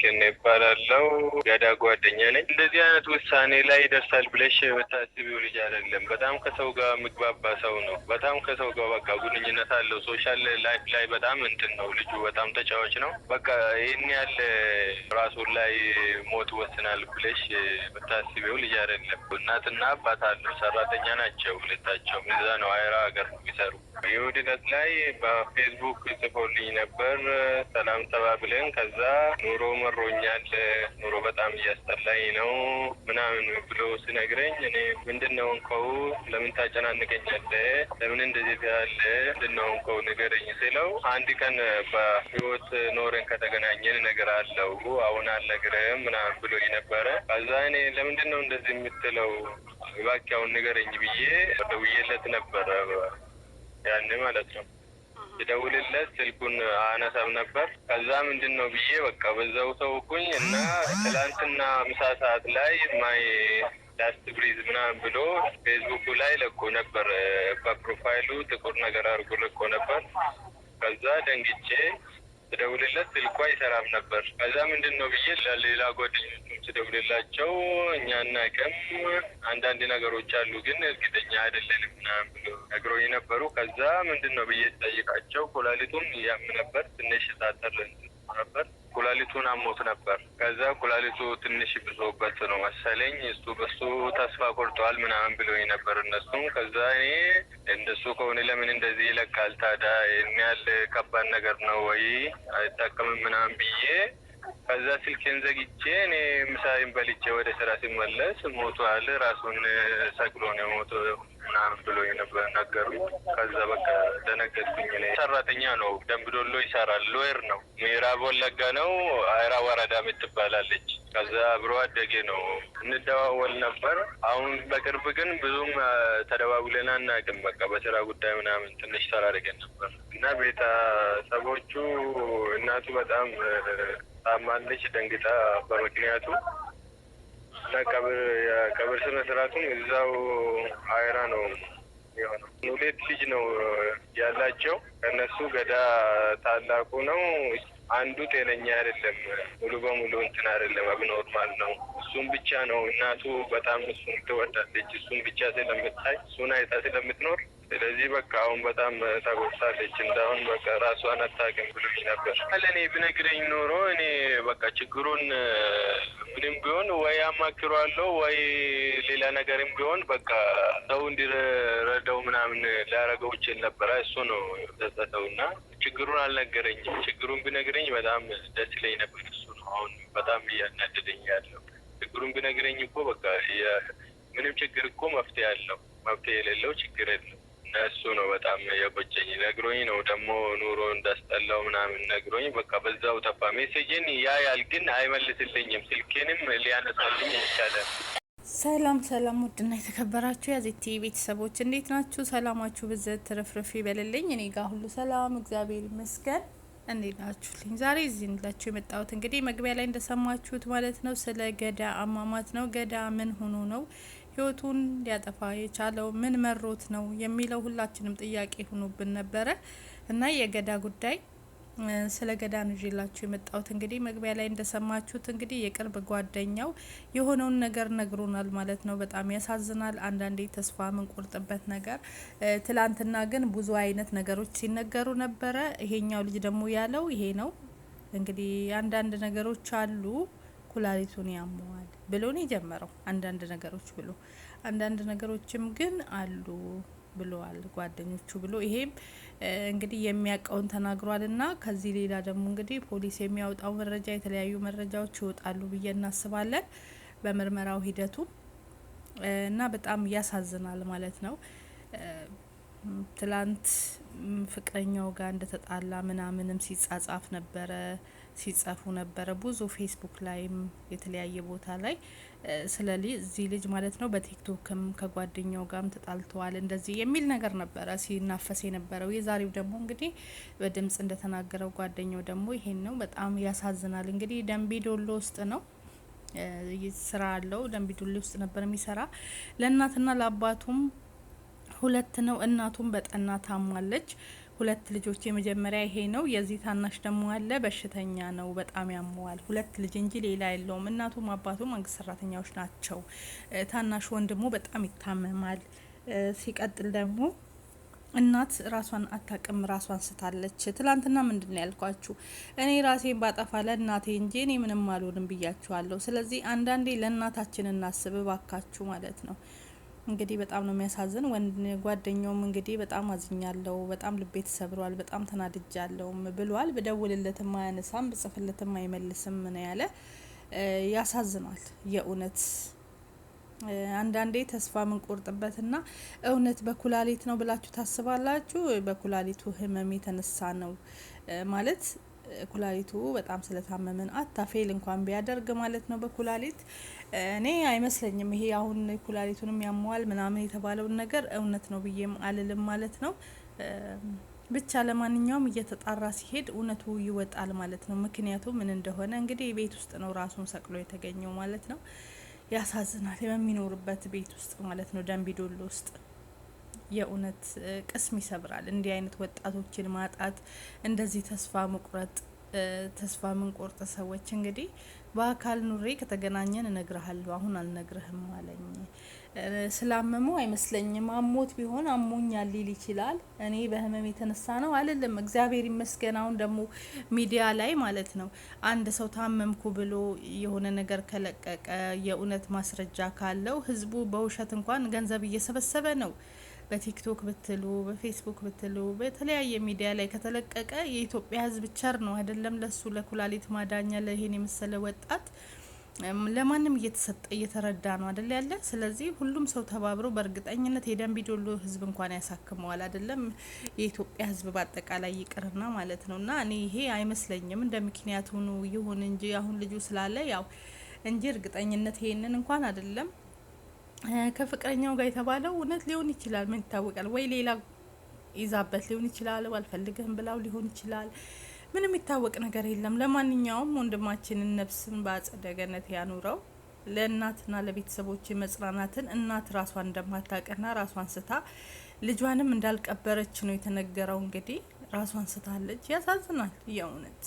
ኬና ይባላለው ገዳ ጓደኛ ነኝ። እንደዚህ አይነት ውሳኔ ላይ ይደርሳል ብለሽ የምታስቢው ልጅ አይደለም። በጣም ከሰው ጋር ምግባባ ሰው ነው። በጣም ከሰው ጋር በቃ ግንኙነት አለው። ሶሻል ላይፍ ላይ በጣም እንትን ነው ልጁ። በጣም ተጫዋች ነው። በቃ ይህን ያለ ራሱን ላይ ሞት ወስናል ብለሽ የምታስቢው ልጅ አይደለም። እናትና አባት አለው። ሰራተኛ ናቸው ሁለታቸው። እዛ ነው አይራ ሀገር ነው የሚሰሩ። ይሁድ ላይ በፌስቡክ ጽፎልኝ ነበር ሰላም ተባብለን ከዛ ኑሮ መሮኛል፣ ኑሮ በጣም እያስጠላኝ ነው ምናምን ብሎ ስነግረኝ እኔ ምንድን ነው እንከው ለምን ታጨናንቀኛለ? ለምን እንደዚህ ያለ ምንድን ነው እንከው ንገረኝ ስለው አንድ ቀን በህይወት ኖረን ከተገናኘን ነገር አለው አሁን አልነግርህም ምናምን ብሎ ነበረ። ከዛ እኔ ለምንድን ነው እንደዚህ የምትለው እባክህ አሁን ንገረኝ ብዬ ደውዬለት ነበረ ያኔ ማለት ነው። ስደውልለት ስልኩን አነሳም ነበር። ከዛ ምንድን ነው ብዬ በቃ በዛው ተውኩኝ እና ትላንትና ምሳ ሰዓት ላይ ማይ ላስት ብሪዝ ምናምን ብሎ ፌስቡኩ ላይ ለቆ ነበር። በፕሮፋይሉ ጥቁር ነገር አድርጎ ለቆ ነበር። ከዛ ደንግጬ ስደውልለት ስልኩ አይሰራም ነበር። ከዛ ምንድን ነው ብዬ ሌላ ጓደኞቹም ስደውልላቸው እኛ እናቀም አንዳንድ ነገሮች አሉ ግን እርግጠኛ አይደለንም ምናምን ብሎ ነግሮኝ ነበሩ። ከዛ ምንድን ነው ብዬ ጠይቃቸው ኩላሊቱም ያም ነበር ትንሽ ሳተር ነበር ኩላሊቱን አሞት ነበር። ከዛ ኩላሊቱ ትንሽ ብሶበት ነው መሰለኝ እሱ በሱ ተስፋ ቆርጠዋል ምናምን ብሎኝ ነበር እነሱም። ከዛ እኔ እንደሱ ከሆነ ለምን እንደዚህ ይለቃል ታዲያ? ይህን ከባድ ነገር ነው ወይ አይጠቀምም ምናምን ብዬ ከዛ ስልኬን ዘግቼ እኔ ምሳይን በልቼ ወደ ስራ ሲመለስ ሞቷል። ራሱን ሰቅሎ ነው የሞተው። ምናምን ብሎ የነበረ ነገሩ። ከዛ በቃ ደነገጥኩኝ። ሰራተኛ ነው፣ ደንብ ዶሎ ይሰራል። ሎየር ነው፣ ምዕራብ ወለጋ ነው፣ አይራ ወረዳ ምትባላለች። ከዛ አብሮ አደጌ ነው፣ እንደዋወል ነበር። አሁን በቅርብ ግን ብዙም ተደዋውለን አናውቅም። በቃ በስራ ጉዳይ ምናምን ትንሽ ተራርቀን ነበር እና ቤተሰቦቹ እናቱ በጣም ታማለች፣ ደንግጣ በምክንያቱ ቀብር ስነ ስርዓቱን እዛው አይራ ነው የሆነው። ሁለት ልጅ ነው ያላቸው። ከእነሱ ገዳ ታላቁ ነው። አንዱ ጤነኛ አይደለም፣ ሙሉ በሙሉ እንትን አይደለም፣ አብኖርማል ነው። እሱም ብቻ ነው እናቱ በጣም እሱን ትወዳለች። እሱን ብቻ ስለምታይ እሱን አይታ ስለምትኖር ስለዚህ በቃ አሁን በጣም ተጎድታለች። እንዳሁን በቃ ራሷን አታውቅም ብሎች ነበር። ለእኔ ብነግረኝ ኖሮ እኔ በቃ ችግሩን ምንም ቢሆን ወይ አማክሯለሁ ወይ ሌላ ነገርም ቢሆን በቃ ሰው እንዲረዳው ምናምን ሊያረገው ይችል ነበረ። እሱ ነው ተሰጠው እና ችግሩን አልነገረኝም። ችግሩን ብነግረኝ በጣም ደስ ይለኝ ነበር። እሱ ነው አሁን በጣም እያናደደኝ ያለው። ችግሩን ብነግረኝ እኮ በቃ ምንም ችግር እኮ መፍትሄ አለው። መፍትሄ የሌለው ችግር የለም። እሱ ነው በጣም የቆጨኝ። ነግሮኝ ነው ደግሞ ኑሮ እንዳስጠላው ምናምን ነግሮኝ፣ በቃ በዛው ጠፋ። ሜሴጅን ያያል ግን አይመልስልኝም። ስልኬንም ሊያነሳልኝ አይቻለም። ሰላም ሰላም፣ ውድና የተከበራችሁ የዜቲ ቤተሰቦች እንዴት ናችሁ? ሰላማችሁ ብዘት ትርፍርፍ ይበልልኝ። እኔ ጋር ሁሉ ሰላም እግዚአብሔር ይመስገን። እንዴት ናችሁልኝ? ዛሬ እዚህ እንላችሁ የመጣሁት እንግዲህ መግቢያ ላይ እንደሰማችሁት ማለት ነው ስለ ገዳ አሟሟት ነው። ገዳ ምን ሆኖ ነው ህይወቱን ሊያጠፋ የቻለው ምን መሮት ነው የሚለው ሁላችንም ጥያቄ ሆኖብን ነበረ እና የገዳ ጉዳይ ስለ ገዳ ነው ይዤላችሁ የመጣሁት። እንግዲህ መግቢያ ላይ እንደሰማችሁት እንግዲህ የቅርብ ጓደኛው የሆነውን ነገር ነግሮናል ማለት ነው። በጣም ያሳዝናል። አንዳንዴ ተስፋ የምንቆርጥበት ነገር። ትላንትና ግን ብዙ አይነት ነገሮች ሲነገሩ ነበረ። ይሄኛው ልጅ ደግሞ ያለው ይሄ ነው። እንግዲህ አንዳንድ ነገሮች አሉ ኩላሊቱን ያመዋል ብሎ ነው የጀመረው። አንዳንድ ነገሮች ብሎ አንዳንድ ነገሮችም ግን አሉ ብለዋል ጓደኞቹ ብሎ ይሄም እንግዲህ የሚያውቀውን ተናግሯል። እና ከዚህ ሌላ ደግሞ እንግዲህ ፖሊስ የሚያወጣው መረጃ የተለያዩ መረጃዎች ይወጣሉ ብዬ እናስባለን በምርመራው ሂደቱ እና በጣም ያሳዝናል ማለት ነው። ትላንት ፍቅረኛው ጋር እንደተጣላ ምናምንም ሲጻጻፍ ነበረ። ሲጻፉ ነበረ። ብዙ ፌስቡክ ላይም የተለያየ ቦታ ላይ ስለ እዚህ ልጅ ማለት ነው በቲክቶክም ከጓደኛው ጋርም ተጣልተዋል እንደዚህ የሚል ነገር ነበረ ሲናፈስ የነበረው። የዛሬው ደግሞ እንግዲህ በድምጽ እንደተናገረው ጓደኛው ደግሞ ይሄን ነው። በጣም ያሳዝናል። እንግዲህ ደንቢ ዶሎ ውስጥ ነው ስራ አለው። ደንቢ ዶሎ ውስጥ ነበር የሚሰራ። ለእናትና ለአባቱም ሁለት ነው። እናቱም በጠና ታማለች። ሁለት ልጆች የመጀመሪያ ይሄ ነው። የዚህ ታናሽ ደግሞ አለ በሽተኛ ነው፣ በጣም ያመዋል። ሁለት ልጅ እንጂ ሌላ የለውም። እናቱም አባቱ መንግስት ሰራተኛዎች ናቸው። ታናሽ ወንድሙ በጣም ይታመማል። ሲቀጥል ደግሞ እናት ራሷን አታቅም፣ ራሷን ስታለች። ትላንትና ምንድን ነው ያልኳችሁ? እኔ ራሴን ባጠፋ ለእናቴ እንጂ እኔ ምንም አልሆንም ብያችኋለሁ። ስለዚህ አንዳንዴ ለእናታችን እናስብ ባካችሁ ማለት ነው። እንግዲህ በጣም ነው የሚያሳዝን። ጓደኛውም እንግዲህ በጣም አዝኛለው፣ በጣም ልቤ ተሰብሯል፣ በጣም ተናድጃለሁም ብሏል። ብደውልለትም አያነሳም፣ ብጽፍለትም አይመልስም ነው ያለ። ያሳዝኗል የእውነት አንዳንዴ ተስፋ የምንቆርጥበትና እውነት በኩላሊት ነው ብላችሁ ታስባላችሁ። በኩላሊቱ ህመም የተነሳ ነው ማለት ኩላሊቱ በጣም ስለታመመን አታ ፌል እንኳን ቢያደርግ ማለት ነው በኩላሊት እኔ አይመስለኝም። ይሄ አሁን ኩላሊቱንም ያመዋል ምናምን የተባለውን ነገር እውነት ነው ብዬም አልልም ማለት ነው። ብቻ ለማንኛውም እየተጣራ ሲሄድ እውነቱ ይወጣል ማለት ነው። ምክንያቱ ምን እንደሆነ እንግዲህ ቤት ውስጥ ነው ራሱን ሰቅሎ የተገኘው ማለት ነው። ያሳዝናል። የሚኖርበት ቤት ውስጥ ማለት ነው ደንቢዶሎ ውስጥ የእውነት ቅስም ይሰብራል። እንዲህ አይነት ወጣቶችን ማጣት፣ እንደዚህ ተስፋ መቁረጥ ተስፋ ምንቆርጥ ሰዎች እንግዲህ በአካል ኑሬ ከተገናኘን እነግርሃለሁ፣ አሁን አልነግርህም አለኝ። ስላመመው አይመስለኝም። አሞት ቢሆን አሞኛል ሊል ይችላል። እኔ በህመም የተነሳ ነው አልልም። እግዚአብሔር ይመስገን። አሁን ደግሞ ሚዲያ ላይ ማለት ነው አንድ ሰው ታመምኩ ብሎ የሆነ ነገር ከለቀቀ የእውነት ማስረጃ ካለው ህዝቡ በውሸት እንኳን ገንዘብ እየሰበሰበ ነው በቲክቶክ ብትሉ በፌስቡክ ብትሉ በተለያየ ሚዲያ ላይ ከተለቀቀ የኢትዮጵያ ህዝብ ቸር ነው አይደለም? ለሱ ለኩላሊት ማዳኛ ለይሄን የመሰለ ወጣት ለማንም እየተሰጠ እየተረዳ ነው አደለ ያለ። ስለዚህ ሁሉም ሰው ተባብሮ በእርግጠኝነት የደንቢ ህዝብ እንኳን ያሳክመዋል አደለም፣ የኢትዮጵያ ህዝብ በአጠቃላይ ይቅርና ማለት ነው። እና እኔ ይሄ አይመስለኝም እንደ ምክንያት ሆኖ ይሁን እንጂ አሁን ልጁ ስላለ ያው እንጂ እርግጠኝነት ይሄንን እንኳን አደለም ከፍቅረኛው ጋር የተባለው እውነት ሊሆን ይችላል። ምን ይታወቃል? ወይ ሌላ ይዛበት ሊሆን ይችላል። አልፈልግህም ብላው ሊሆን ይችላል። ምንም የሚታወቅ ነገር የለም። ለማንኛውም ወንድማችንን ነፍስን በአጸደ ገነት ያኑረው። ለእናትና ለቤተሰቦች መጽናናትን እናት ራሷን እንደማታውቅና ራሷን ስታ ልጇንም እንዳልቀበረች ነው የተነገረው። እንግዲህ ራሷን ስታለች። ያሳዝናል። የእውነት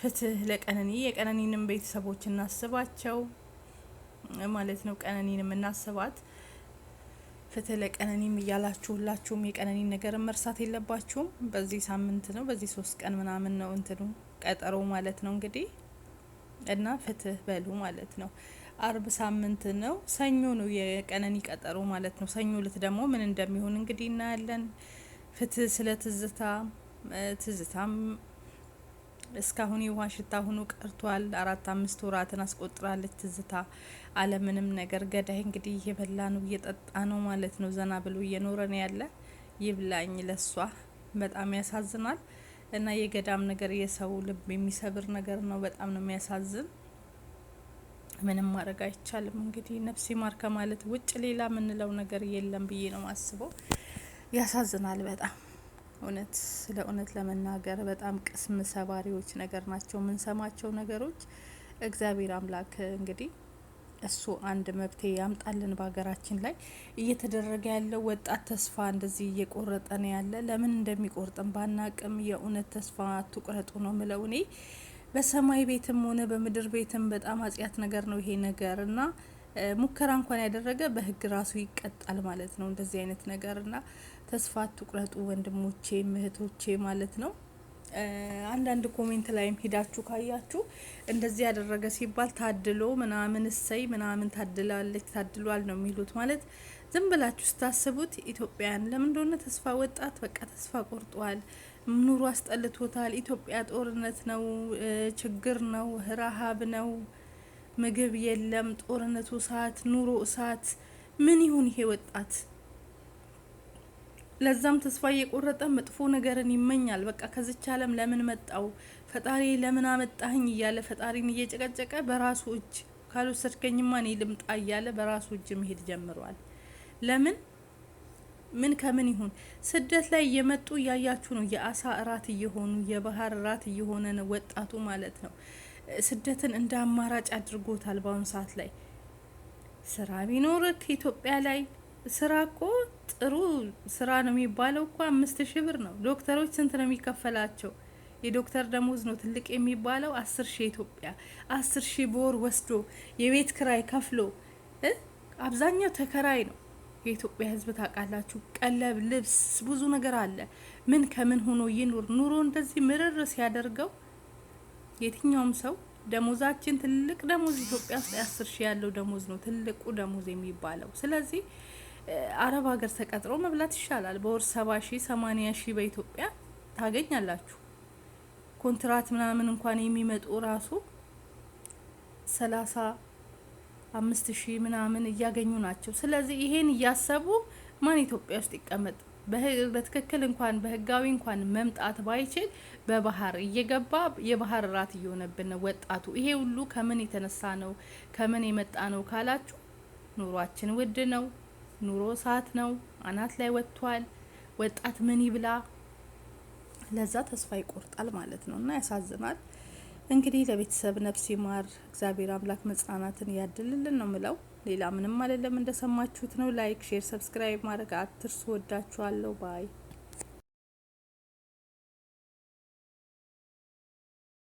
ፍትህ ለቀነኒ የቀነኒንም ቤተሰቦች እናስባቸው። ማለት ነው ቀነኒን የምናስባት ፍትህ ለቀነኒም እያላችሁ ሁላችሁም የቀነኒን ነገር መርሳት የለባችሁም። በዚህ ሳምንት ነው በዚህ ሶስት ቀን ምናምን ነው እንትኑ ቀጠሮ ማለት ነው እንግዲህ እና ፍትህ በሉ ማለት ነው። አርብ ሳምንት ነው፣ ሰኞ ነው የቀነኒ ቀጠሮ ማለት ነው። ሰኞ ልት ደግሞ ምን እንደሚሆን እንግዲህ እናያለን። ፍትህ ስለ ትዝታ ትዝታም እስካሁን የውሃ ሽታ ሆኖ ቀርቷል። አራት አምስት ወራትን አስቆጥራለች ትዝታ አለምንም ነገር። ገዳይ እንግዲህ እየበላ ነው እየጠጣ ነው ማለት ነው። ዘና ብሎ እየኖረ ነው ያለ። ይብላኝ ለሷ በጣም ያሳዝናል። እና የገዳም ነገር የሰው ልብ የሚሰብር ነገር ነው። በጣም ነው የሚያሳዝን። ምንም ማድረግ አይቻልም። እንግዲህ ነፍሴ ማር ከማለት ውጭ ሌላ የምንለው ነገር የለም ብዬ ነው ማስበው። ያሳዝናል በጣም እውነት ስለ እውነት ለመናገር በጣም ቅስም ሰባሪዎች ነገር ናቸው የምንሰማቸው ነገሮች። እግዚአብሔር አምላክ እንግዲህ እሱ አንድ መብቴ ያምጣልን። በሀገራችን ላይ እየተደረገ ያለው ወጣት ተስፋ እንደዚህ እየቆረጠ ነው ያለ። ለምን እንደሚቆርጥም ባናቅም የእውነት ተስፋ አትቁረጡ ነው ምለው እኔ። በሰማይ ቤትም ሆነ በምድር ቤትም በጣም አጽያት ነገር ነው ይሄ ነገር እና ሙከራ እንኳን ያደረገ በህግ ራሱ ይቀጣል ማለት ነው። እንደዚህ አይነት ነገር እና ተስፋ ትቁረጡ ወንድሞቼ እህቶቼ ማለት ነው። አንዳንድ ኮሜንት ላይም ሂዳችሁ ካያችሁ እንደዚህ ያደረገ ሲባል ታድሎ ምናምን እሰይ ምናምን ታድላለች ታድሏል ነው የሚሉት። ማለት ዝም ብላችሁ ስታስቡት ኢትዮጵያን ለምን እንደሆነ ተስፋ ወጣት በቃ ተስፋ ቆርጧል። ኑሮ አስጠልቶታል። ኢትዮጵያ ጦርነት ነው፣ ችግር ነው፣ ረሀብ ነው ምግብ የለም፣ ጦርነቱ እሳት፣ ኑሮ እሳት። ምን ይሁን ይሄ ወጣት? ለዛም ተስፋ እየቆረጠ መጥፎ ነገርን ይመኛል። በቃ ከዚች ዓለም ለምን መጣው ፈጣሪ ለምን አመጣህኝ እያለ ፈጣሪን እየጨቀጨቀ በራሱ እጅ ካልወሰድከኝማ እኔ ልምጣ እያለ በራሱ እጅ መሄድ ጀምሯል። ለምን ምን ከምን ይሁን ስደት ላይ እየመጡ እያያችሁ ነው። የአሳ እራት እየሆኑ የባህር እራት እየሆነ ነው ወጣቱ ማለት ነው። ስደትን እንደ አማራጭ አድርጎታል። በአሁኑ ሰዓት ላይ ስራ ቢኖርክ ኢትዮጵያ ላይ ስራ እኮ ጥሩ ስራ ነው የሚባለው እኮ አምስት ሺህ ብር ነው። ዶክተሮች ስንት ነው የሚከፈላቸው? የዶክተር ደሞዝ ነው ትልቅ የሚባለው አስር ሺህ ኢትዮጵያ አስር ሺህ በወር ወስዶ የቤት ክራይ ከፍሎ አብዛኛው ተከራይ ነው የኢትዮጵያ ሕዝብ ታውቃላችሁ። ቀለብ፣ ልብስ፣ ብዙ ነገር አለ። ምን ከምን ሆኖ ይኑር ኑሮ እንደዚህ ምርር ሲያደርገው የትኛውም ሰው ደሞዛችን ትልቅ ደሞዝ ኢትዮጵያ ውስጥ አስር ሺህ ያለው ደሞዝ ነው ትልቁ ደሞዝ የሚባለው። ስለዚህ አረብ ሀገር ተቀጥሮ መብላት ይሻላል። በወር ሰባ ሺህ ሰማኒያ ሺ በኢትዮጵያ ታገኛላችሁ። ኮንትራት ምናምን እንኳን የሚመጡ ራሱ ሰላሳ አምስት ሺህ ምናምን እያገኙ ናቸው። ስለዚህ ይሄን እያሰቡ ማን ኢትዮጵያ ውስጥ ይቀመጥ? በትክክል እንኳን በህጋዊ እንኳን መምጣት ባይችል በባህር እየገባ የባህር እራት እየሆነብን ነው ወጣቱ። ይሄ ሁሉ ከምን የተነሳ ነው? ከምን የመጣ ነው ካላችሁ፣ ኑሯችን ውድ ነው። ኑሮ ሰዓት ነው፣ አናት ላይ ወጥቷል። ወጣት ምን ይብላ? ለዛ ተስፋ ይቆርጣል ማለት ነው እና ያሳዝናል። እንግዲህ ለቤተሰብ ነፍስ ይማር፣ እግዚአብሔር አምላክ መጽናናትን ያድልልን ነው ምለው ሌላ ምንም አይደለም። እንደሰማችሁት ነው። ላይክ፣ ሼር፣ ሰብስክራይብ ማድረግ አትርሱ። ወዳችኋለሁ። ባይ